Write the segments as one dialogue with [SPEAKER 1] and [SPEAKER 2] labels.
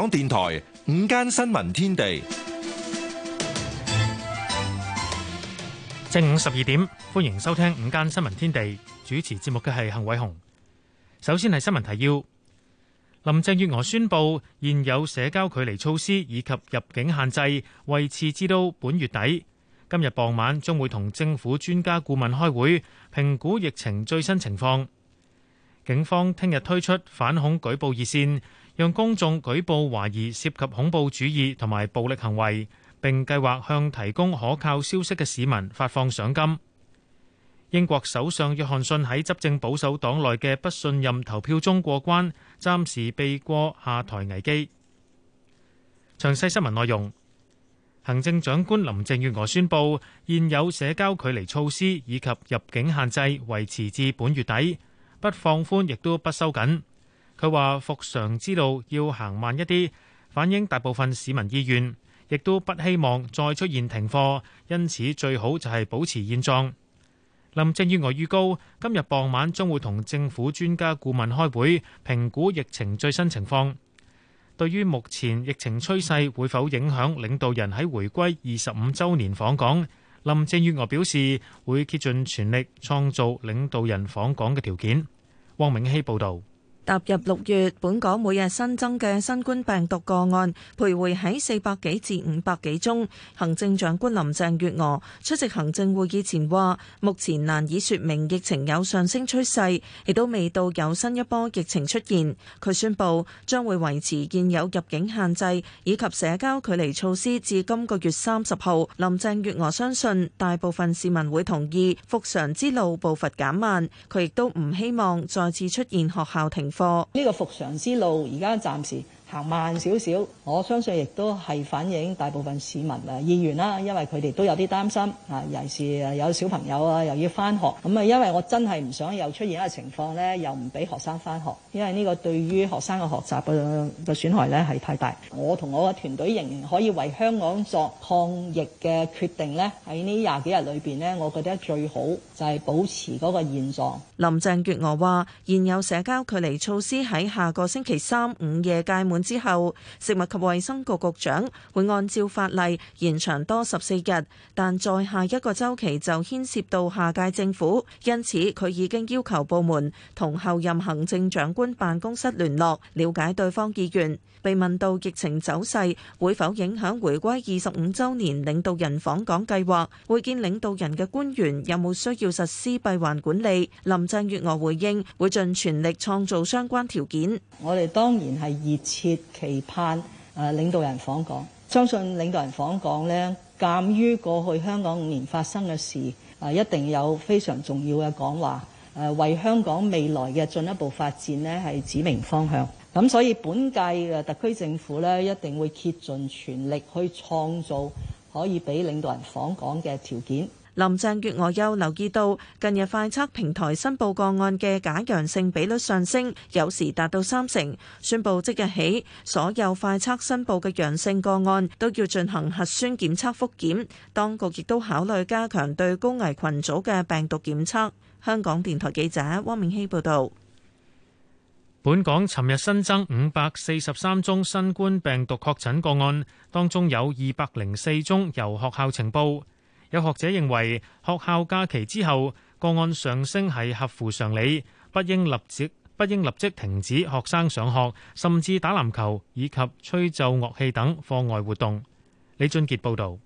[SPEAKER 1] 香港電台午
[SPEAKER 2] 間新聞天地，正午十二點，歡迎收聽午間新聞天地。主持節目嘅係幸偉雄。首先係新聞提要：林鄭月娥宣布現有社交距離措施以及入境限制維持至到本月底。今日傍晚將會同政府專家顧問開會，評估疫情最新情況。警方聽日推出反恐舉報熱線。讓公眾舉報懷疑涉及恐怖主義同埋暴力行為，並計劃向提供可靠消息嘅市民發放賞金。英國首相約翰遜喺執政保守黨內嘅不信任投票中過關，暫時避過下台危機。詳細新聞內容，行政長官林鄭月娥宣布，現有社交距離措施以及入境限制維持至本月底，不放寬亦都不收緊。佢話復常之路要行慢一啲，反映大部分市民意願，亦都不希望再出現停課，因此最好就係保持現狀。林鄭月娥預告今日傍晚將會同政府專家顧問開會評估疫情最新情況。對於目前疫情趨勢會否影響領導人喺回歸二十五週年訪港，林鄭月娥表示會竭盡全力創造領導人訪港嘅條件。汪明熙報導。
[SPEAKER 3] 踏入六月，本港每日新增嘅新冠病毒個案徘徊喺四百幾至五百幾宗。行政長官林鄭月娥出席行政會議前話：目前難以說明疫情有上升趨勢，亦都未到有新一波疫情出現。佢宣布將會維持現有入境限制以及社交距離措施至今個月三十號。林鄭月娥相信大部分市民會同意復常之路步伐減慢。佢亦都唔希望再次出現學校停。呢 for 個復常之路，而家暫時，行慢少少，我相信亦都係反映大部分市民嘅意願啦，因為佢哋都有啲擔心啊，尤其是有小朋友啊，又要翻學，咁啊，因為我真係唔想又出現一個情況咧，又唔俾學生翻學，因為呢個對於學生嘅學習嘅嘅損害咧係太大。我同我嘅團隊仍然可以為香港作抗疫嘅決定咧。喺呢廿幾日裏邊咧，我覺得最好就係保持嗰個現狀。林鄭月娥話現有社交距離措施喺下個星期三午夜屆滿。之後，食物及衛生局局長會按照法例延長多十四日，但在下一個周期就牽涉到下屆政府，因此佢已經要求部門同候任行政長官辦公室聯絡，了解對方意願。被問到疫情走勢會否影響回歸二十五週年領導人訪港計劃，會見領導人嘅官員有冇需要實施閉環管理，林鄭月娥回應會盡全力創造相關條件。我哋當然係熱切期盼誒領導人訪港，相信領導人訪港呢，鑑於過去香港五年發生嘅事，誒一定有非常重要嘅講話，誒為香港未來嘅進一步發展呢，係指明方向。咁所以本屆特區政府呢，一定會竭盡全力去創造可以俾領導人訪港嘅條件。林鄭月娥又留意到，近日快測平台申報個案嘅假陽性比率上升，有時達到三成。宣布即日起，所有快測申報嘅陽性個案都要進行核酸檢測復檢。當局亦都考慮加強對高危群組嘅病毒檢測。香港電台記者汪明希報導。
[SPEAKER 2] 本港尋日新增五百四十三宗新冠病毒確診個案，當中有二百零四宗由學校呈報。有學者認為，學校假期之後個案上升係合乎常理，不應立即不應立即停止學生上學，甚至打籃球，以及吹奏樂器等課外活動。李俊傑報導。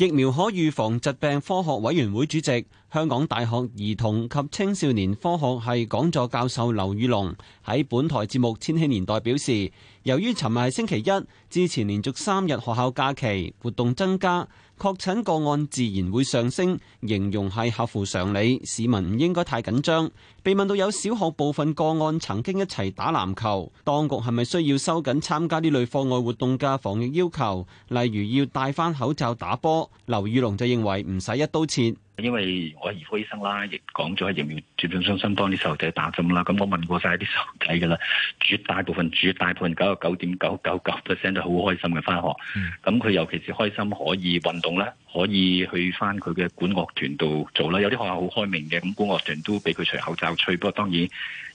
[SPEAKER 4] 疫苗可預防疾病科學委員會主席、香港大學兒童及青少年科學系講座教授劉宇龍喺本台節目《千禧年代》表示，由於尋日係星期一，之前連續三日學校假期活動增加。確診個案自然會上升，形容係合乎常理，市民唔應該太緊張。被問到有小學部分個案曾經一齊打籃球，當局係咪需要收緊參加呢類課外活動嘅防疫要求，例如要戴返口罩打波？劉宇龍就認為唔使一刀切。
[SPEAKER 1] 因為我係兒科醫生啦，亦講咗喺疫苗接種中心幫啲細路仔打針啦。咁我問過晒啲細路仔噶啦，絕大部分、絕大部分九十九點九九九 percent 都好開心嘅翻學。咁佢、嗯、尤其是開心可以運動咧，可以去翻佢嘅管樂團度做啦。有啲學校好開明嘅，咁管樂團都俾佢除口罩吹。不過當然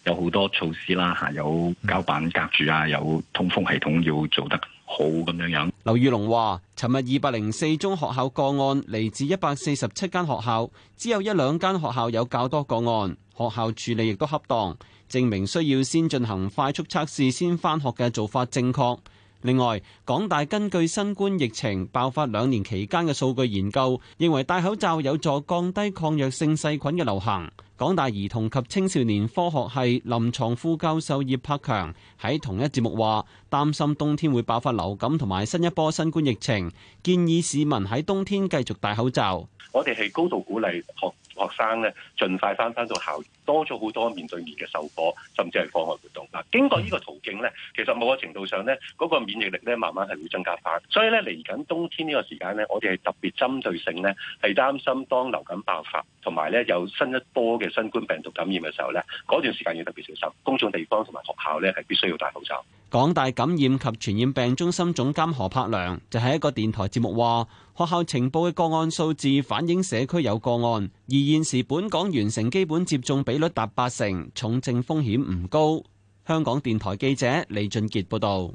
[SPEAKER 1] 有好多措施啦，嚇有膠板隔住啊，有通風系統要做得。好咁樣樣。
[SPEAKER 4] 劉宇龍話，尋日二百零四宗學校個案嚟自一百四十七間學校，只有一兩間學校有較多個案，學校處理亦都恰當，證明需要先進行快速測試先翻學嘅做法正確。另外，港大根據新冠疫情爆發兩年期間嘅數據研究，認為戴口罩有助降低抗藥性細菌嘅流行。港大兒童及青少年科學系臨床副教授葉柏強喺同一節目話：擔心冬天會爆發流感同埋新一波新冠疫情，建議市民喺冬天繼續戴口罩。
[SPEAKER 1] 我哋係高度鼓勵學。學生咧，盡快翻翻到校，多咗好多面對面嘅授課，甚至係課
[SPEAKER 5] 外活動。嗱，經過呢個途徑咧，其實某個程度上咧，嗰個免疫力咧，慢慢係會增加翻。所以咧，嚟緊冬天呢個時間咧，我哋係特別針對性咧，係擔心當流感爆發，同埋咧有新一波嘅新冠病毒感染嘅時候咧，嗰段時間要特別小心。公眾地方同埋學校咧，係必須要戴口罩。
[SPEAKER 4] 港大感染及傳染病中心總監何柏良就喺一個電台節目話，學校情報嘅個案數字反映社區有個案，而現時本港完成基本接種比率達八成，重症風險唔高。香港電台記者李俊杰報道。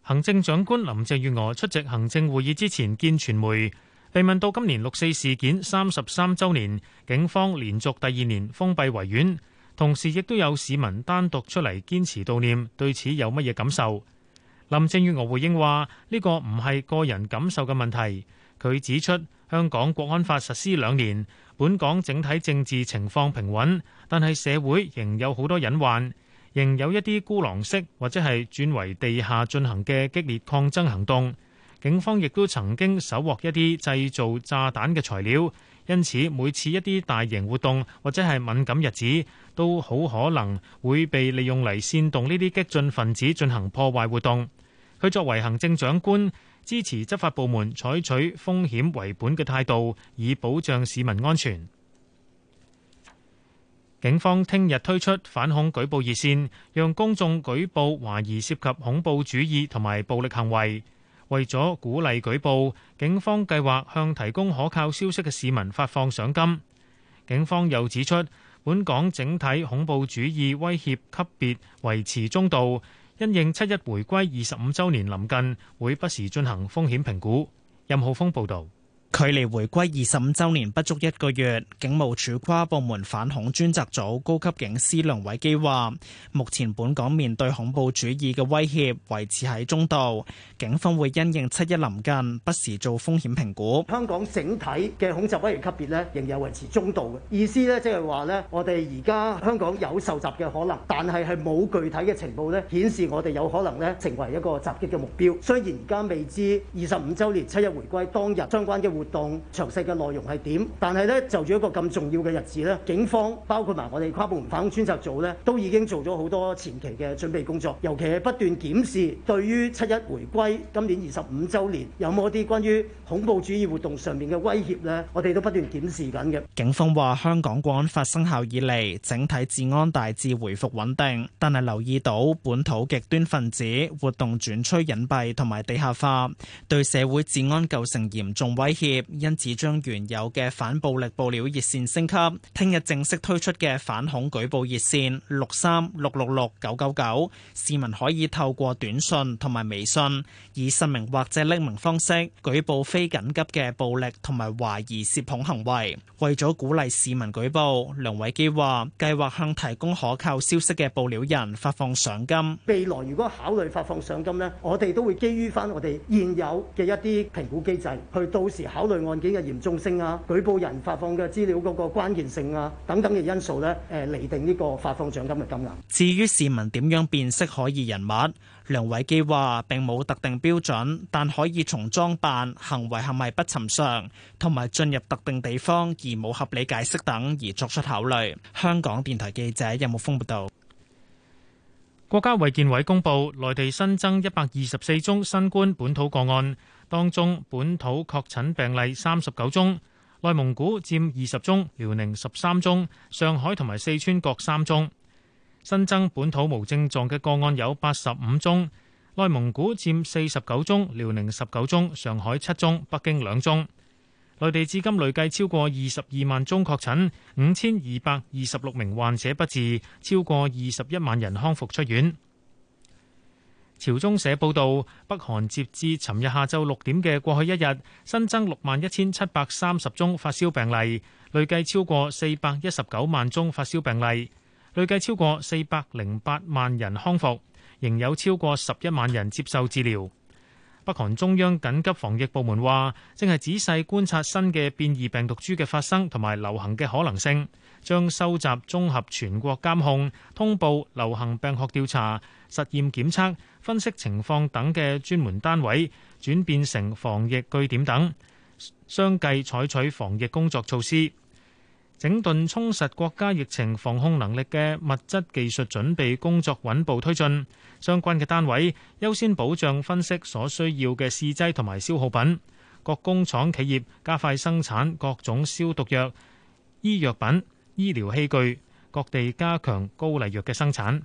[SPEAKER 2] 行政長官林鄭月娥出席行政會議之前見傳媒，被問到今年六四事件三十三周年，警方連續第二年封閉維園。同時，亦都有市民單獨出嚟堅持悼念，對此有乜嘢感受？林鄭月娥回應話：呢個唔係個人感受嘅問題。佢指出，香港國安法實施兩年，本港整體政治情況平穩，但係社會仍有好多隱患，仍有一啲孤狼式或者係轉為地下進行嘅激烈抗爭行動。警方亦都曾經搜獲一啲製造炸彈嘅材料，因此每次一啲大型活動或者係敏感日子，都好可能會被利用嚟煽動呢啲激進分子進行破壞活動。佢作為行政長官，支持執法部門採取風險為本嘅態度，以保障市民安全。警方聽日推出反恐舉報熱線，讓公眾舉報懷疑涉及恐怖主義同埋暴力行為。為咗鼓勵舉報，警方計劃向提供可靠消息嘅市民發放賞金。警方又指出，本港整體恐怖主義威脅級別維持中度，因應七一回歸二十五週年臨近，會不時進行風險評估。任浩峰報導。距離回歸二十五週年不
[SPEAKER 6] 足一個月，警務處跨部門反恐專責組高級警司梁偉基話，目前本港面對恐怖主義嘅威脅維持喺中度，警方會因應七一臨近，不時做風險評估。
[SPEAKER 7] 香港整體嘅恐襲威脅級別呢，仍有維持中度嘅意思呢，即係話呢，我哋而家香港有受襲嘅可能，但係係冇具體嘅情報呢顯示我哋有可能呢成為一個襲擊嘅目標。雖然而家未知二十五週年七一回歸當日相關嘅活動詳細嘅內容係點？但係咧，就住一個咁重要嘅日子咧，警方包括埋我哋跨部門反恐專責組呢都已經做咗好多前期嘅準備工作。尤其係不斷檢視對於七一回歸今年二十五週年有冇一啲關於恐怖主義活動上面嘅威脅，呢我哋都不斷檢視緊嘅。
[SPEAKER 6] 警方話，香港國安法生效以嚟，整體治安大致回復穩定，但係留意到本土極端分子活動轉趨隱蔽同埋地下化，對社會治安構成嚴重威脅。因此，將原有嘅反暴力報料熱線升級，聽日正式推出嘅反恐舉報熱線六三六六六九九九，999，市民可以透過短信同埋微信以實名或者匿名方式舉報非緊急嘅暴力同埋懷疑涉恐行為。為咗鼓勵市民舉報，梁偉基話計劃向提供可靠消息嘅報料人發放賞金。
[SPEAKER 7] 未來如果考慮發放賞金呢，我哋都會基於翻我哋現有嘅一啲評估機制去到時考慮案件嘅嚴重性啊、舉報人發放嘅資料嗰個關鍵性啊等等嘅因素呢，誒釐定呢個發放獎金嘅金額。
[SPEAKER 6] 至於市民點樣辨識可疑人物，梁偉基話並冇特定標準，但可以從裝扮、行為係咪不尋常、同埋進入特定地方而冇合理解釋等而作出考慮。香港電台記者任木峰報道，
[SPEAKER 2] 國家衛健委公布，內地新增一百二十四宗新冠本土個案。當中本土確診病例三十九宗，內蒙古佔二十宗，遼寧十三宗，上海同埋四川各三宗。新增本土無症狀嘅個案有八十五宗，內蒙古佔四十九宗，遼寧十九宗，上海七宗，北京兩宗。內地至今累計超過二十二萬宗確診，五千二百二十六名患者不治，超過二十一萬人康復出院。朝中社報導，北韓截至尋日下晝六點嘅過去一日新增六萬一千七百三十宗發燒病例，累計超過四百一十九萬宗發燒病例，累計超過四百零八萬人康復，仍有超過十一萬人接受治療。北韓中央緊急防疫部門話，正係仔細觀察新嘅變異病毒株嘅發生同埋流行嘅可能性。將收集、綜合全國監控、通報、流行病學調查、實驗檢測、分析情況等嘅專門單位轉變成防疫據點等，相繼採取防疫工作措施，整頓充實國家疫情防控能力嘅物質技術準備工作穩步推進。相關嘅單位優先保障分析所需要嘅試劑同埋消耗品，各工廠企業加快生產各種消毒藥、醫藥品。醫療器具，各地加強高麗藥嘅生產。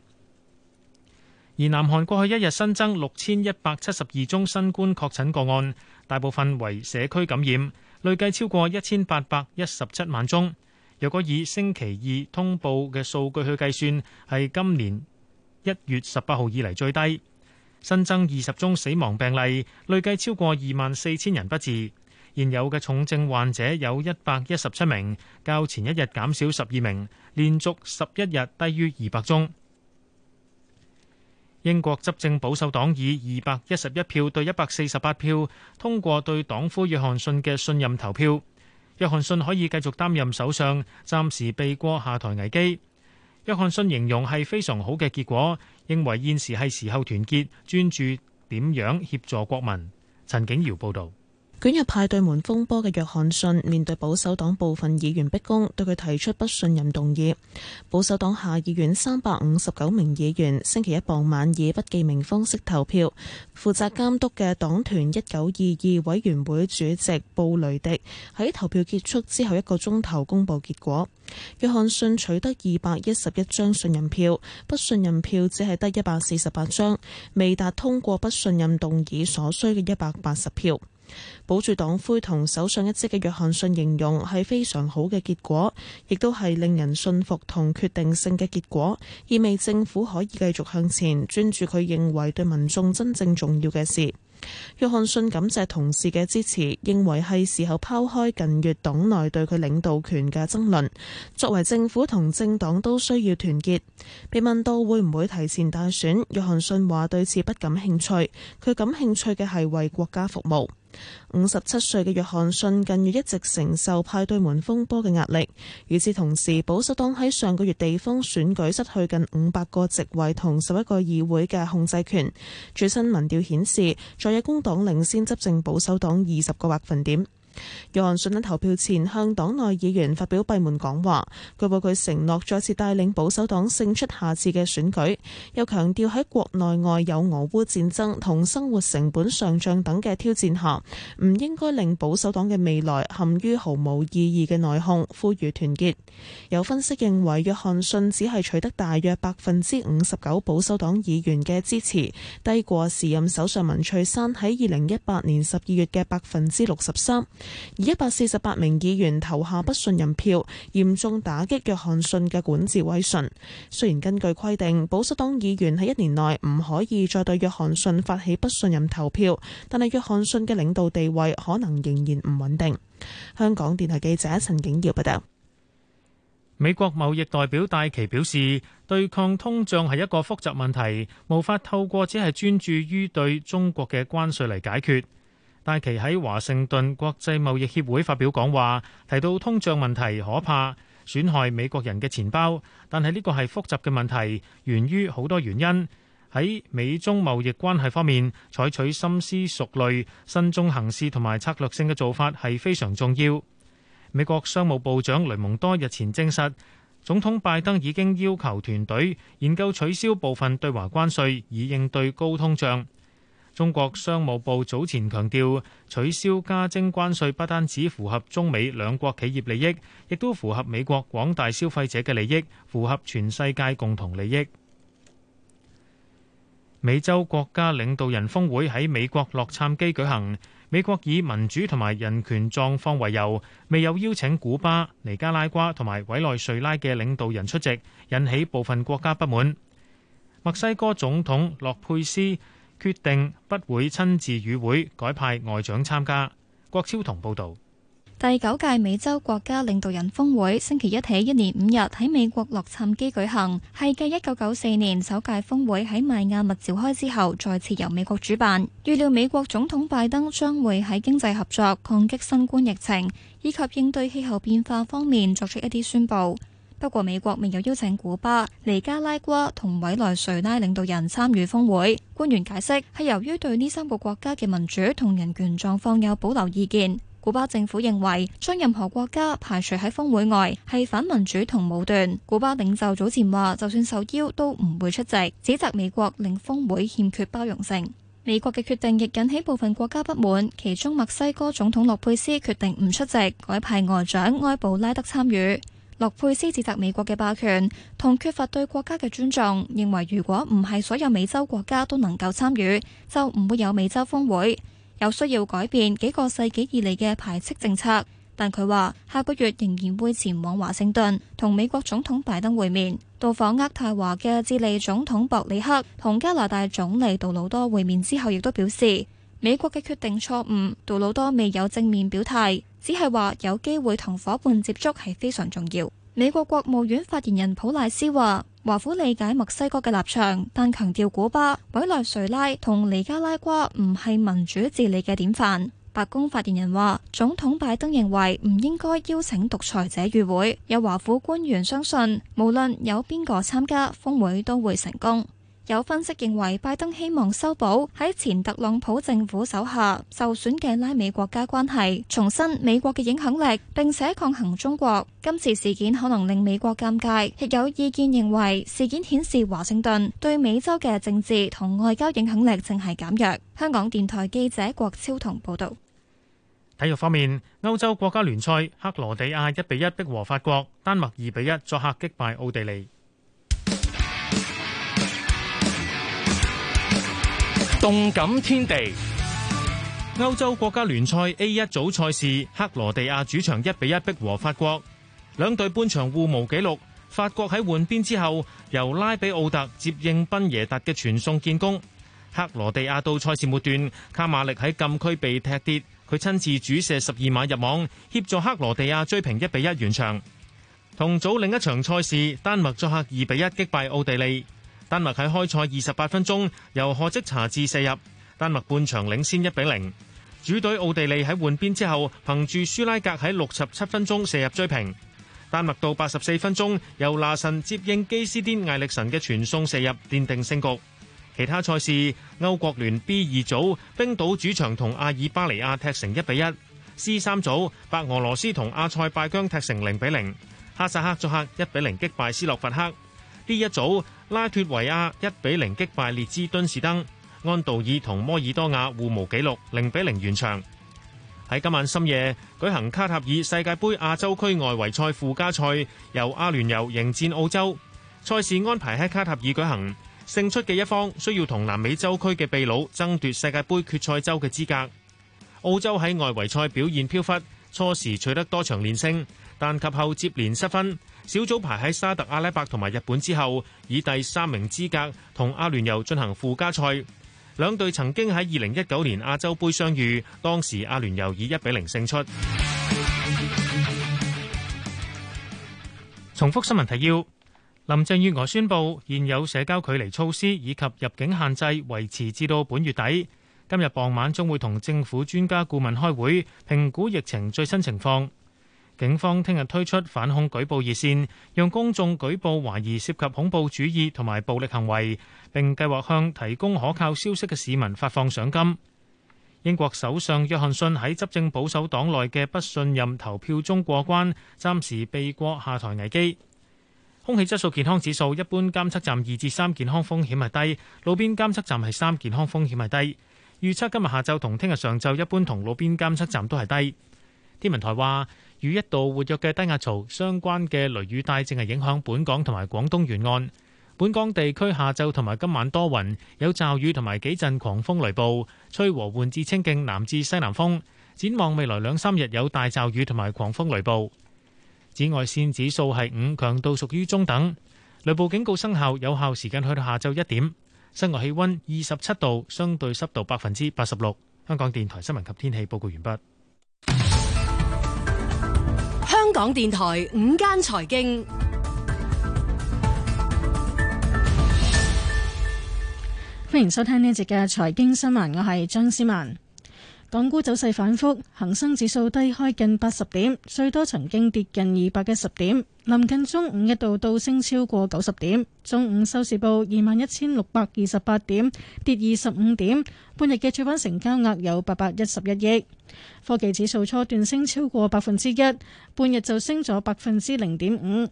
[SPEAKER 2] 而南韓過去一日新增六千一百七十二宗新冠確診個案，大部分為社區感染，累計超過一千八百一十七萬宗。若果以星期二通報嘅數據去計算，係今年一月十八號以嚟最低。新增二十宗死亡病例，累計超過二萬四千人不治。現有嘅重症患者有一百一十七名，較前一日減少十二名，連續十一日低於二百宗。英國執政保守黨以二百一十一票對一百四十八票通過對黨魁約翰遜嘅信任投票，約翰遜可以繼續擔任首相，暫時避過下台危機。約翰遜形容係非常好嘅結果，認為現時係時候團結，專注點樣協助國民。陳景堯報道。
[SPEAKER 8] 捲入派對門風波嘅約翰遜，面對保守黨部分議員逼宮，對佢提出不信任動議。保守黨下議院三百五十九名議員星期一傍晚以不記名方式投票。負責監督嘅黨團一九二二委員會主席布雷迪喺投票結束之後一個鐘頭公布結果。約翰遜取得二百一十一張信任票，不信任票只係得一百四十八張，未達通過不信任動議所需嘅一百八十票。保住黨魁同首相一職嘅約翰遜形容係非常好嘅結果，亦都係令人信服同決定性嘅結果，意味政府可以繼續向前，專注佢認為對民眾真正重要嘅事。約翰遜感謝同事嘅支持，認為係時候拋開近月黨內對佢領導權嘅爭論。作為政府同政黨都需要團結。被問到會唔會提前大選，約翰遜話對此不感興趣。佢感興趣嘅係為國家服務。五十七歲嘅約翰遜近月一直承受派對門風波嘅壓力，與此同時，保守黨喺上個月地方選舉失去近五百個席位同十一個議會嘅控制權。最新民調顯示，在野工黨領先執政保守黨二十個百分點。約翰遜喺投票前向黨內議員發表閉門講話，據報佢承諾再次帶領保守黨勝出下次嘅選舉，又強調喺國內外有俄烏戰爭同生活成本上漲等嘅挑戰下，唔應該令保守黨嘅未來陷於毫無意義嘅內訌，呼籲團結。有分析認為，約翰遜只係取得大約百分之五十九保守黨議員嘅支持，低過時任首相文翠珊喺二零一八年十二月嘅百分之六十三。而一百四十八名議員投下不信任票，嚴重打擊約翰遜嘅管治威信。雖然根據規定，保守黨議員喺一年內唔可以再對約翰遜發起不信任投票，但係約翰遜嘅領導地位可能仍然唔穩定。香港電台記者陳景耀報道。
[SPEAKER 2] 美國貿易代表戴琪表示，對抗通脹係一個複雜問題，無法透過只係專注於對中國嘅關稅嚟解決。戴琪喺華盛頓國際貿易協會發表講話提到，通脹問題可怕，損害美國人嘅錢包。但係呢個係複雜嘅問題，源於好多原因。喺美中貿易關係方面，採取深思熟慮、慎重行事同埋策略性嘅做法係非常重要。美國商務部長雷蒙多日前證實總統拜登已經要求團隊研究取消部分對華關稅，以應對高通脹。中國商務部早前強調，取消加徵關稅不單止符合中美兩國企業利益，亦都符合美國廣大消費者嘅利益，符合全世界共同利益。美洲國家領導人峰會喺美國洛杉磯舉行，美國以民主同埋人權狀況為由，未有邀請古巴、尼加拉瓜同埋委內瑞拉嘅領導人出席，引起部分國家不滿。墨西哥總統洛佩斯，決定不會親自與會，改派外長參加。郭超同報道。
[SPEAKER 9] 第九屆美洲國家領導人峰會星期一起，一連五日喺美國洛杉磯舉行，係繼一九九四年首屆峰會喺邁亞密召開之後，再次由美國主辦。預料美國總統拜登將會喺經濟合作、抗擊新冠疫情以及應對氣候變化方面作出一啲宣布。不過，美國未有邀請古巴、尼加拉瓜同委內瑞拉領導人參與峰會。官員解釋係由於對呢三個國家嘅民主同人權狀況有保留意見。古巴政府認為將任何國家排除喺峰會外係反民主同武斷。古巴領袖早前話，就算受邀都唔會出席，指責美國令峰會欠缺包容性。美國嘅決定亦引起部分國家不滿，其中墨西哥總統洛佩斯決定唔出席，改派外長埃布拉德參與。洛佩斯指責美國嘅霸權同缺乏對國家嘅尊重，認為如果唔係所有美洲國家都能夠參與，就唔會有美洲峰會。有需要改變幾個世紀以嚟嘅排斥政策，但佢話下個月仍然會前往華盛頓同美國總統拜登會面。到訪渥太華嘅智利總統博里克同加拿大總理杜魯多會面之後，亦都表示美國嘅決定錯誤。杜魯多未有正面表態。只係話有機會同伙伴接觸係非常重要。美國國務院發言人普賴斯話，華府理解墨西哥嘅立場，但強調古巴、委內瑞拉同尼加拉瓜唔係民主治理嘅典範。白宮發言人話總統拜登認為唔應該邀請獨裁者與會，有華府官員相信，無論有邊個參加峰會都會成功。有分析認為，拜登希望修補喺前特朗普政府手下受損嘅拉美國家關係，重申美國嘅影響力，並且抗衡中國。今次事件可能令美國尷尬。亦有意見認為，事件顯示華盛頓對美洲嘅政治同外交影響力正係減弱。香港電台記者郭超同報道。
[SPEAKER 2] 體育方面，歐洲國家聯賽，克羅地亞一比一逼和法國，丹麥二比一作客擊敗奧地利。動感天地，歐洲國家聯賽 A 一組賽事，克羅地亞主場一比一逼和法國，兩隊半場互無紀錄。法國喺換邊之後，由拉比奧特接應賓耶達嘅傳送建功。克羅地亞到賽事末段，卡馬力喺禁區被踢跌，佢親自主射十二碼入網，協助克羅地亞追平一比一完場。同組另一場賽事，丹麥作客二比一擊敗奧地利。丹麥喺開賽二十八分鐘由賀積查治射入，丹麥半場領先一比零。主隊奧地利喺換邊之後，憑住舒拉格喺六十七分鐘射入追平。丹麥到八十四分鐘由拿神接應基斯丁艾力神嘅傳送射入，奠定勝局。其他賽事，歐國聯 B 二組冰島主場同阿爾巴尼亞踢成一比一。C 三組白俄羅斯同阿塞拜疆踢成零比零。哈薩克作客一比零擊敗斯洛，斯洛伐克。呢一組拉脫維亞一比零擊敗列支敦士登，安道爾同摩爾多瓦互無紀錄零比零完場。喺今晚深夜舉行卡塔爾世界盃亞洲區外圍賽附加賽，由阿聯酋迎戰澳洲。賽事安排喺卡塔爾舉行，勝出嘅一方需要同南美洲區嘅秘魯爭奪世界盃決賽周嘅資格。澳洲喺外圍賽表現飄忽，初時取得多場連勝，但及後接連失分。小組排喺沙特阿拉伯同埋日本之後，以第三名資格同阿聯酋進行附加賽。兩隊曾經喺二零一九年亞洲杯相遇，當時阿聯酋以一比零勝出。重複新聞提要：林鄭月娥宣布現有社交距離措施以及入境限制維持至到本月底。今日傍晚將會同政府專家顧問開會，評估疫情最新情況。警方聽日推出反恐舉報熱線，讓公眾舉報懷疑涉，涉及恐怖主義同埋暴力行為。並計劃向提供可靠消息嘅市民發放賞金。英國首相約翰遜喺執政保守黨內嘅不信任投票中過關，暫時避過下台危機。空氣質素健康指數一般監測站二至三，健康風險係低；路邊監測站係三，健康風險係低。預測今日下晝同聽日上晝一般同路邊監測站都係低。天文台話，與一道活躍嘅低壓槽相關嘅雷雨帶正係影響本港同埋廣東沿岸。本港地區下晝同埋今晚多雲，有驟雨同埋幾陣狂風雷暴，吹和緩至清勁南至西南風。展望未來兩三日有大驟雨同埋狂風雷暴。紫外線指數係五，強度屬於中等。雷暴警告生效，有效時間去到下晝一點。室外氣温二十七度，相對濕度百分之八十六。香港電台新聞及天氣報告完畢。
[SPEAKER 10] 香港電台午間財經，歡迎收聽呢一節嘅財經新聞，我係張思文。港股走勢反覆恒生指數低開近八十點，最多曾經跌近二百一十點。臨近中午一度倒升超過九十點，中午收市報二萬一千六百二十八點，跌二十五點。半日嘅主板成交額有八百一十一億。科技指數初段升超過百分之一，半日就升咗百分之零點五。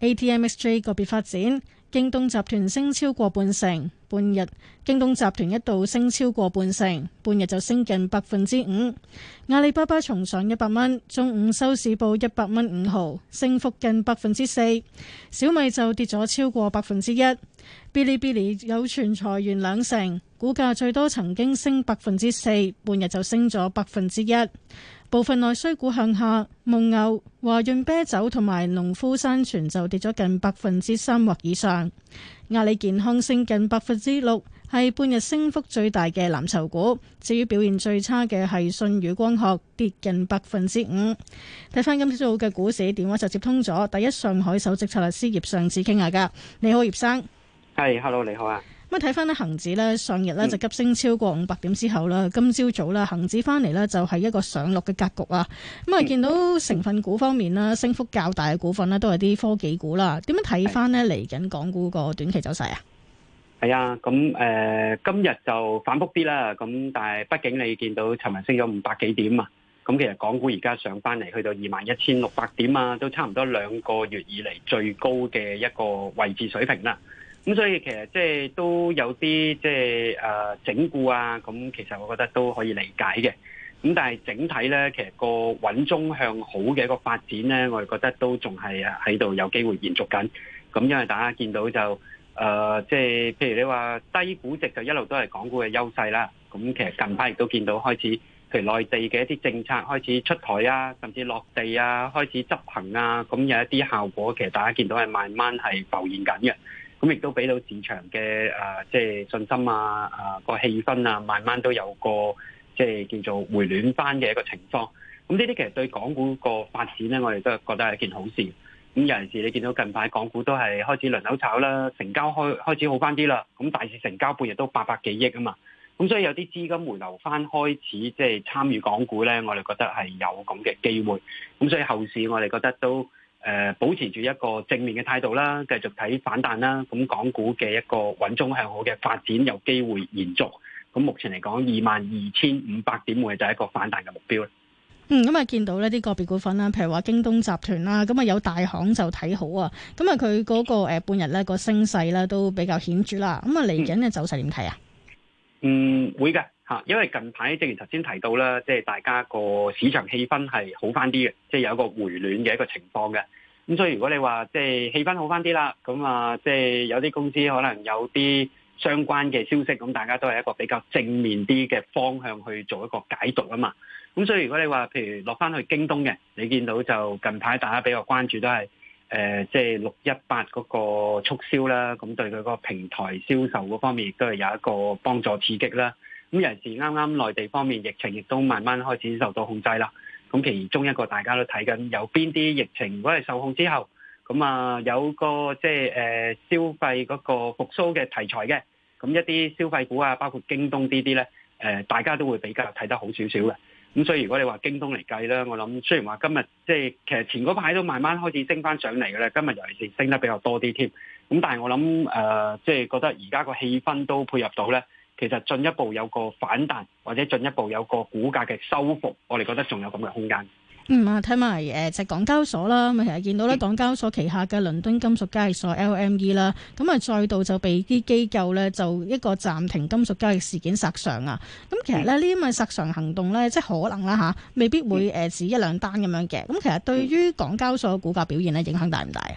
[SPEAKER 10] A T M X J 個別發展。京東集團升超過半成，半日京東集團一度升超過半成，半日就升近百分之五。阿里巴巴重上一百蚊，中午收市報一百蚊五毫，升幅近百分之四。小米就跌咗超過百分之一。嗶哩嗶哩有傳裁員兩成，股價最多曾經升百分之四，半日就升咗百分之一。部分內需股向下，蒙牛、華潤啤酒同埋農夫山泉就跌咗近百分之三或以上。阿里健康升近百分之六，係半日升幅最大嘅藍籌股。至於表現最差嘅係舜宇光學，跌近百分之五。睇翻今朝早嘅股市電話就接通咗，第一上海首席策略師葉尚志傾下噶。你好，葉生，
[SPEAKER 5] 係，hey，hello，你好啊。
[SPEAKER 10] 咁睇翻咧恒指咧，上日咧就急升超過五百點之後啦，嗯、今朝早咧恒指翻嚟咧就係一個上落嘅格局啊。咁啊、嗯，見到成分股方面啦，嗯、升幅較大嘅股份呢都係啲科技股啦。點樣睇翻呢？嚟緊港股個短期走勢啊？
[SPEAKER 5] 係啊，咁、嗯、誒、呃、今日就反復啲啦。咁但係畢竟你見到尋日升咗五百幾點啊？咁其實港股而家上翻嚟去到二萬一千六百點啊，都差唔多兩個月以嚟最高嘅一個位置水平啦。咁所以其實即係都有啲即係誒整固啊，咁其實我覺得都可以理解嘅。咁但係整體咧，其實個穩中向好嘅一個發展咧，我哋覺得都仲係喺度有機會延續緊。咁因為大家見到就誒，即係譬如你話低估值就一路都係港股嘅優勢啦。咁其實近排亦都見到開始，譬如內地嘅一啲政策開始出台啊，甚至落地啊，開始執行啊，咁有一啲效果，其實大家見到係慢慢係浮現緊嘅。咁亦都俾到市場嘅誒、呃，即係信心啊，啊個氣氛啊，慢慢都有個即係叫做回暖翻嘅一個情況。咁呢啲其實對港股個發展咧，我哋都係覺得係一件好事。咁有陣時你見到近排港股都係開始輪流炒啦，成交開開始好翻啲啦。咁大市成交半日都八百幾億啊嘛。咁所以有啲資金回流翻開始即係、就是、參與港股咧，我哋覺得係有咁嘅機會。咁所以後市我哋覺得都。誒，保持住一個正面嘅態度啦，繼續睇反彈啦，咁港股嘅一個穩中向好嘅發展有機會延續。咁目前嚟講，二萬二千五百點會就係一個反彈嘅目標。
[SPEAKER 10] 嗯，咁、嗯、啊，見到呢啲個別股份啦，譬如話京東集團啦，咁啊有大行就睇好啊，咁啊佢嗰個誒半日咧個升勢咧都比較顯著啦。咁啊嚟緊嘅走勢點睇啊？嗯，
[SPEAKER 5] 會嘅。因為近排正如頭先提到啦，即係大家個市場氣氛係好翻啲嘅，即係有一個回暖嘅一個情況嘅。咁所以如果你話即係氣氛好翻啲啦，咁啊，即係有啲公司可能有啲相關嘅消息，咁大家都係一個比較正面啲嘅方向去做一個解讀啊嘛。咁所以如果你話譬如落翻去京東嘅，你見到就近排大家比較關注都係誒，即係六一八嗰個促銷啦，咁對佢個平台銷售嗰方面亦都係有一個幫助刺激啦。咁有陣時啱啱內地方面疫情亦都慢慢開始受到控制啦，咁其中一個大家都睇緊有邊啲疫情，如果係受控之後，咁啊有個即係誒消費嗰個復甦嘅題材嘅，咁一啲消費股啊，包括京東啲啲咧，誒、呃、大家都會比較睇得好少少嘅。咁所以如果你話京東嚟計咧，我諗雖然話今日即係其實前嗰排都慢慢開始升返上嚟嘅咧，今日尤其是升得比較多啲添。咁但係我諗誒，即、呃、係、就是、覺得而家個氣氛都配合到咧。其實進一步有個反彈，或者進一步有個股價嘅修復，我哋覺得仲有咁嘅空間。
[SPEAKER 10] 嗯啊，睇埋誒，就係港交所啦，咁啊，其實見到咧港交所旗下嘅倫敦金屬交易所 LME 啦，咁啊，再度就被啲機構咧就一個暫停金屬交易事件殺上啊。咁其實呢啲咪殺上行動咧，即係可能啦吓、啊，未必會誒止一兩單咁樣嘅。咁其實對於港交所嘅股價表現咧，影響大唔大啊？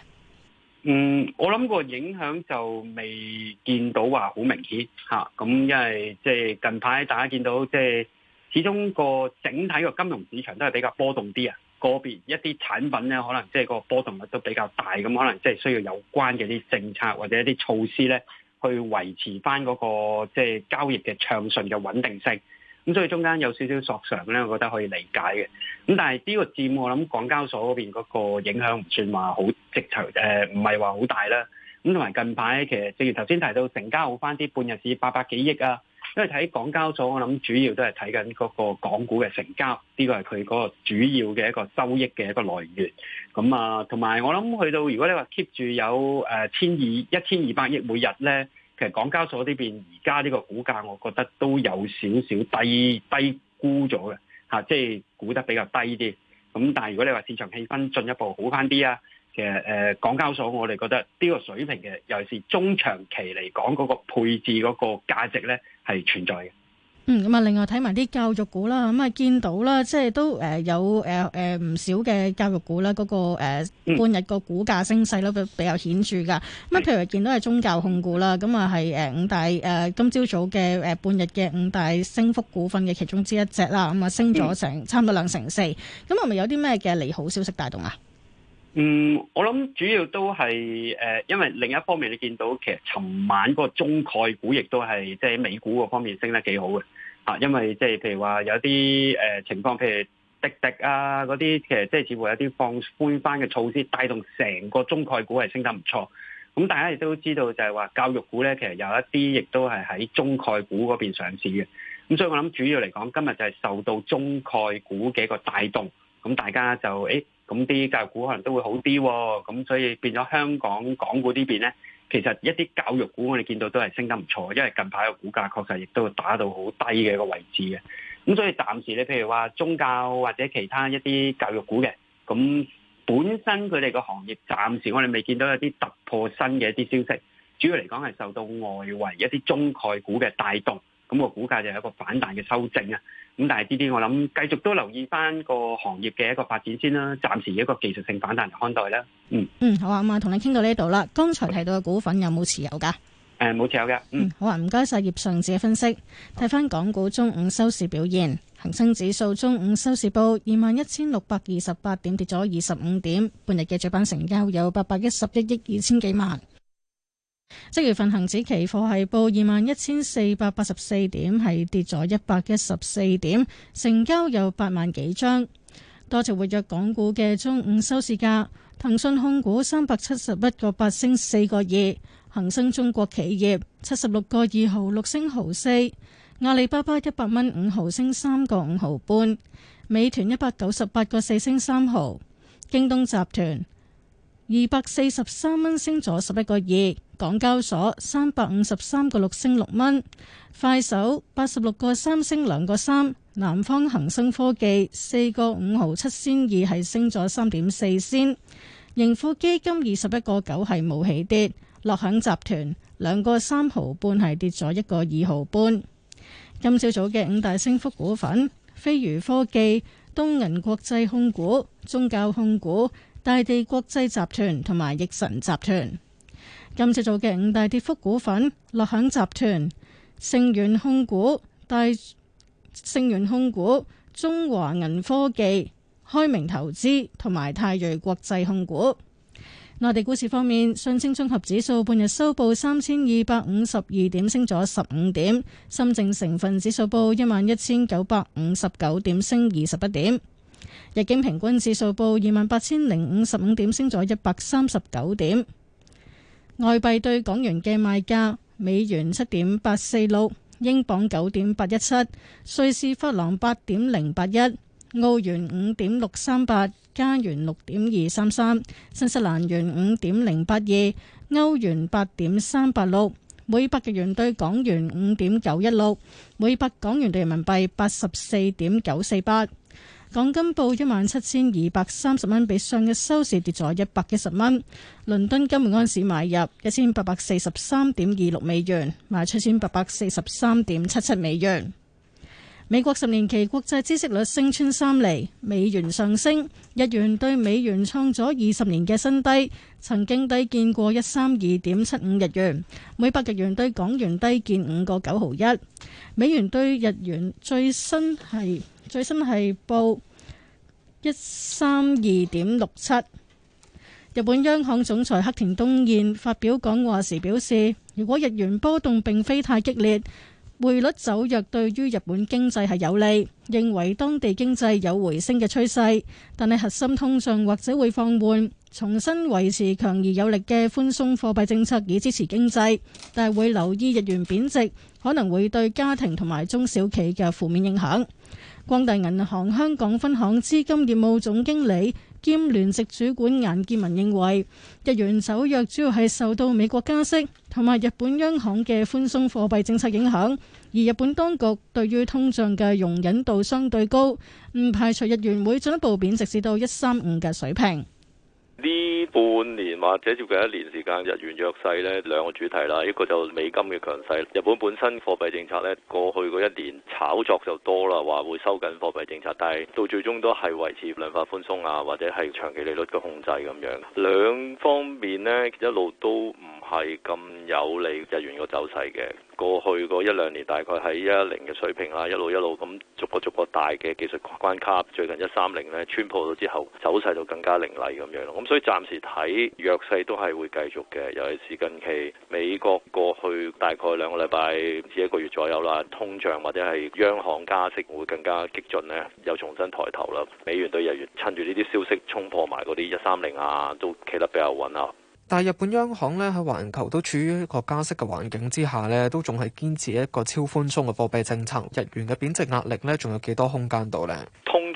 [SPEAKER 10] 嗯，
[SPEAKER 5] 我諗個影響就未見到話好明顯吓，咁、啊、因為即係近排大家見到即係始終個整體個金融市場都係比較波動啲啊，個別一啲產品咧可能即係個波動率都比較大，咁可能即係需要有關嘅啲政策或者一啲措施咧，去維持翻嗰個即係交易嘅暢順嘅穩定性，咁所以中間有少少索償咧，我覺得可以理解嘅。咁但係呢個佔我諗港交所嗰邊嗰個影響唔算話好直頭，誒唔係話好大啦。咁同埋近排其實，正如頭先提到成交好翻啲，半日市八百幾億啊。因為睇港交所，我諗主要都係睇緊嗰個港股嘅成交，呢個係佢嗰個主要嘅一個收益嘅一個來源。咁、嗯、啊，同埋我諗去到如果你話 keep 住有誒千二一千二百億每日咧，其實港交所呢邊而家呢個股價，我覺得都有少少低低估咗嘅。嚇、啊，即係估得比較低啲，咁但係如果你話市場氣氛進一步好返啲啊，其實誒、呃、港交所我哋覺得呢個水平嘅，尤其是中長期嚟講嗰個配置嗰個價值咧係存在嘅。
[SPEAKER 10] 嗯，咁啊，另外睇埋啲教育股啦，咁啊見到啦，即係都誒有誒誒唔少嘅教育股啦，嗰、那個誒、呃、半日個股價升勢咧比較顯著噶。咁啊，譬如見到係中教控股啦，咁啊係誒五大誒、呃、今朝早嘅誒半日嘅五大升幅股份嘅其中之一隻啦，咁、嗯、啊、嗯、升咗成差唔多兩成四。咁係咪有啲咩嘅利好消息帶動啊？
[SPEAKER 5] 嗯，我諗主要都係誒、呃，因為另一方面你見到，其實尋晚嗰個中概股亦都係即係美股嗰方面升得幾好嘅，吓、啊，因為即、就、係、是、譬如話有啲誒、呃、情況，譬如滴滴啊嗰啲，其實即係似乎有啲放寬翻嘅措施，帶動成個中概股係升得唔錯。咁、嗯、大家亦都知道就係話教育股咧，其實有一啲亦都係喺中概股嗰邊上市嘅。咁、嗯、所以我諗主要嚟講，今日就係受到中概股嘅一個帶動。咁大家就誒，咁、哎、啲教育股可能都會好啲、哦，咁所以變咗香港港股呢邊咧，其實一啲教育股我哋見到都係升得唔錯，因為近排個股價確實亦都打到好低嘅一個位置嘅。咁所以暫時你譬如話宗教或者其他一啲教育股嘅，咁本身佢哋個行業暫時我哋未見到一啲突破新嘅一啲消息，主要嚟講係受到外圍一啲中概股嘅帶動，咁、個股價就有一個反彈嘅修正啊。咁但係啲啲，我諗繼續都留意翻個行業嘅一個發展先啦。暫時一個技術性反彈看待啦。嗯
[SPEAKER 10] 嗯，好啊。咁啊，同你傾到呢度啦。剛才提到嘅股份有冇持有噶？
[SPEAKER 5] 誒，冇持有嘅。
[SPEAKER 10] 嗯，好啊。唔該晒葉順子嘅分析。睇翻港股中午收市表現，恒生指數中午收市報二萬一千六百二十八點，跌咗二十五點。半日嘅主板成交有八百一十一億二千幾萬。即月份恒指期貨係報二萬一千四百八十四點，係跌咗一百一十四點，成交有八萬幾張。多隻活躍港股嘅中午收市價：騰訊控股三百七十一個八升四個二，恆生中國企業七十六個二毫六升毫四，阿里巴巴一百蚊五毫升三個五毫半，美團一百九十八個四升三毫，京東集團。二百四十三蚊升咗十一個二，港交所三百五十三個六升六蚊，快手八十六個三升兩個三，南方恒生科技四個五毫七仙二係升咗三點四仙，盈富基金二十一個九係冇起跌，樂享集團兩個三毫半係跌咗一個二毫半。今朝早嘅五大升幅股份：飛魚科技、東銀國際控股、宗教控股。大地國際集團同埋易神集團今次做嘅五大跌幅股份：樂享集團、盛遠控股、大盛遠控股、中華銀科技、開明投資同埋泰瑞國際控股。內地股市方面，上證綜合指數半日收報三千二百五十二點，升咗十五點；深證成分指數報一萬一千九百五十九點，升二十一點。日經平均指數報二萬八千零五十五點，升咗一百三十九點。外幣對港元嘅賣價：美元七點八四六，英鎊九點八一七，瑞士法郎八點零八一，澳元五點六三八，加元六點二三三，新西蘭元五點零八二，歐元八點三八六，每百日元對港元五點九一六，每百港元對人民幣八十四點九四八。港金報一萬七千二百三十蚊，比上日收市跌咗一百一十蚊。倫敦金每安士買入一千八百四十三點二六美元，賣出千八百四十三點七七美元。美國十年期國債息率升穿三厘，美元上升。日元對美元創咗二十年嘅新低，曾經低見過一三二點七五日元。每百日元對港元低見五個九毫一。美元對日元最新係最新係報。一三二點六七，日本央行總裁黑田東彥發表講話時表示，如果日元波動並非太激烈，匯率走弱對於日本經濟係有利，認為當地經濟有回升嘅趨勢，但係核心通脹或者會放緩，重新維持強而有力嘅寬鬆貨幣政策以支持經濟，但係會留意日元貶值可能會對家庭同埋中小企嘅負面影響。光大銀行香港分行資金業務總經理兼聯席主管顏建文認為，日元走弱主要係受到美國加息同埋日本央行嘅寬鬆貨幣政策影響，而日本當局對於通脹嘅容忍度相對高，唔排除日元會進一步貶值至到一三五嘅水平。
[SPEAKER 9] 呢
[SPEAKER 1] 半年或者接近一年時間，日元弱勢咧兩個主題啦，一個就美金嘅強勢，日本本身貨幣政策咧過去嗰一年炒作就多啦，話會收緊貨幣政策，但係到最終都係維持量化寬鬆啊，或者係長期利率嘅控制咁樣，兩方面呢，一路都唔係咁有利日元個走勢嘅。過去個一兩年大概喺一零嘅水平啦，一路一路咁逐個逐個大嘅技術關卡，最近一三零呢穿破咗之後，走勢就更加凌厲咁樣咯。咁所以暫時睇弱勢都係會繼續嘅，尤其是近期美國過去大概兩個禮拜至一個月左右啦，通脹或者係央行加息會更加激進呢，又重新抬頭啦。美元對日元趁住呢啲消息衝破埋嗰啲一三零啊，都企得比較穩啊。
[SPEAKER 6] 但係日本央行咧，喺環球都處於一個加息嘅環境之下咧，都仲係堅持一個超寬鬆嘅貨幣政策。日元嘅貶值壓力咧，仲有幾多空間度咧？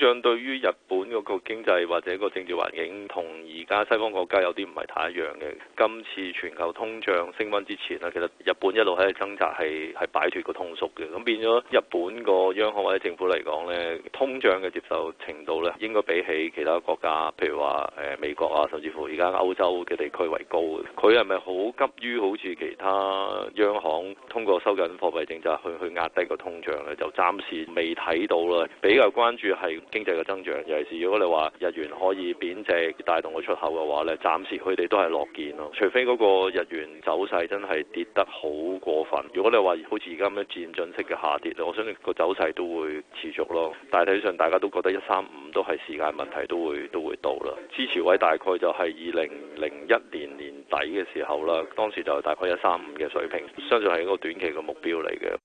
[SPEAKER 1] 通脹對於日本嗰個經濟或者個政治環境，同而家西方國家有啲唔係太一樣嘅。今次全球通脹升温之前咧，其實日本一路喺度掙扎，係係擺脫個通縮嘅。咁變咗日本個央行或者政府嚟講，呢通脹嘅接受程度呢應該比起其他國家，譬如話誒美國啊，甚至乎而家歐洲嘅地區為高。佢係咪好急於好似其他央行通過收緊貨幣政策去去壓低個通脹呢？就暫時未睇到啦。比較關注係。經濟嘅增長，尤其是如果你話日元可以貶值帶動個出口嘅話咧，暫時佢哋都係樂見咯。除非嗰個日元走勢真係跌得好過分。如果你話好似而家咁樣漸進式嘅下跌，我相信個走勢都會持續咯。大體上大家都覺得一三五都係時間問題，都會都會到啦。支持位大概就係二零零一年年底嘅時候啦，當時就係大概一三五嘅水平，相信係一個短期嘅目標嚟
[SPEAKER 9] 嘅。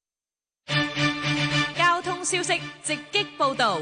[SPEAKER 9] 交通消息直擊報
[SPEAKER 3] 導。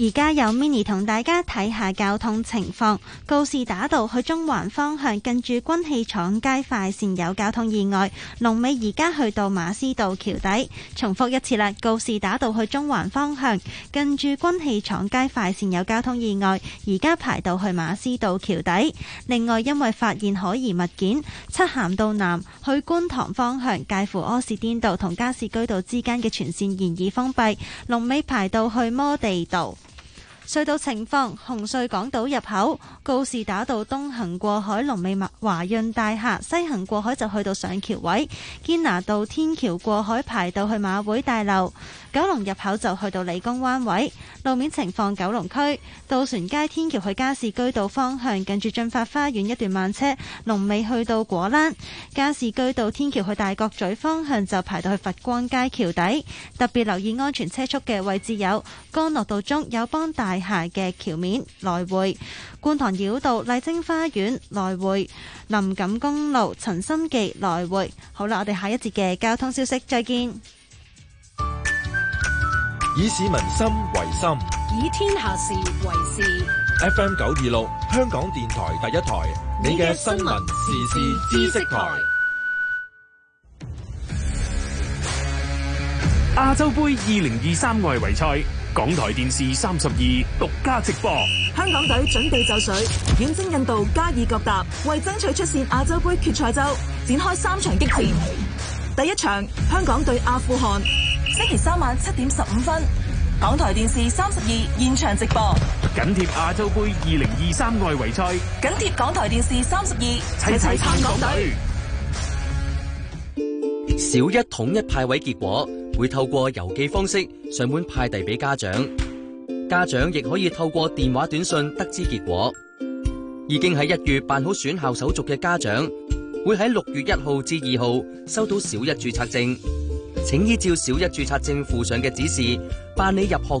[SPEAKER 11] 而家有 mini 同大家睇下交通情況，告士打道去中環方向近住軍器廠街快線有交通意外，龍尾而家去到馬師道橋底。重複一次啦，告士打道去中環方向近住軍器廠街快線有交通意外，而家排到去馬師道橋底。另外，因為發現可疑物件，漆咸道南去觀塘方向介乎柯士甸道同加士居道之間嘅全線現已封閉，龍尾排到去摩地道。隧道情況：紅隧港島入口、告士打道東行過海、龍尾埋華潤大廈；西行過海就去到上橋位、堅拿道天橋過海排到去馬會大樓。九龍入口就去到理工灣位。路面情況，九龍區渡船街天橋去加士居道方向近住駿發花園一段慢車，龍尾去到果欄，加士居道天橋去大角咀方向就排到去佛光街橋底。特別留意安全車速嘅位置有干諾道中友邦大廈嘅橋面來回、觀塘繞道麗晶花園來回、林錦公路陳心記來回。好啦，我哋下一節嘅交通消息再見。
[SPEAKER 2] 以市民
[SPEAKER 4] 心為心，
[SPEAKER 11] 以
[SPEAKER 8] 天下事為事。
[SPEAKER 4] FM 九二六，香港電台
[SPEAKER 5] 第一台，你嘅新聞、時
[SPEAKER 8] 事、知識台。
[SPEAKER 5] 亞洲杯二零二三外圍賽，港台電視三十二獨家直播。
[SPEAKER 8] 香港隊準備就緒，遠征
[SPEAKER 3] 印度加爾各答，為爭取出線亞洲杯決賽周，展開三場激戰。第一場，香港對阿富汗。星期三晚七點十五分，港台電視三十二現場直播，
[SPEAKER 2] 緊貼亞洲盃二零二三外圍賽，
[SPEAKER 3] 緊貼港台電視三十二齊齊撐港隊。
[SPEAKER 4] 小一統一派位結果會透過郵寄方式上門派遞俾家長，家長亦可以透過電話短信得知結果。已經喺一月辦好選校手續嘅家長，會喺六月一號至二號收到
[SPEAKER 11] 小一註冊證。請依照小一注冊證附上嘅指示辦理入學。